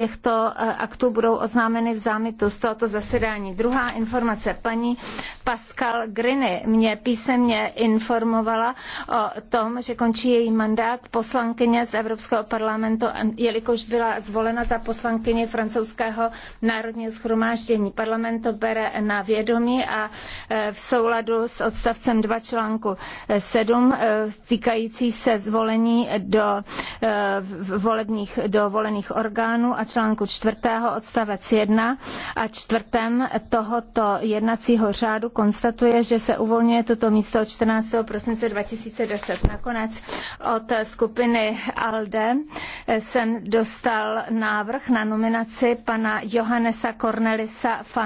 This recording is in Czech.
těchto eh, aktů budou oznámeny v zámitu z tohoto zasedání. Druhá informace. Paní Pascal Griny mě písemně informovala o tom, že končí její mandát poslankyně z Evropského parlamentu, jelikož byla zvolena za poslankyni francouzského národního schromáždění. Parlament to bere na vědomí a eh, v souladu s odstavcem 2 článku 7 eh, týkající se zvolení do, volebních, do volených orgánů a článku 4. odstavec 1 a čtvrtém tohoto jednacího řádu konstatuje, že se uvolňuje toto místo od 14. prosince 2010. Nakonec od skupiny ALDE jsem dostal návrh na nominaci pana Johannesa Cornelisa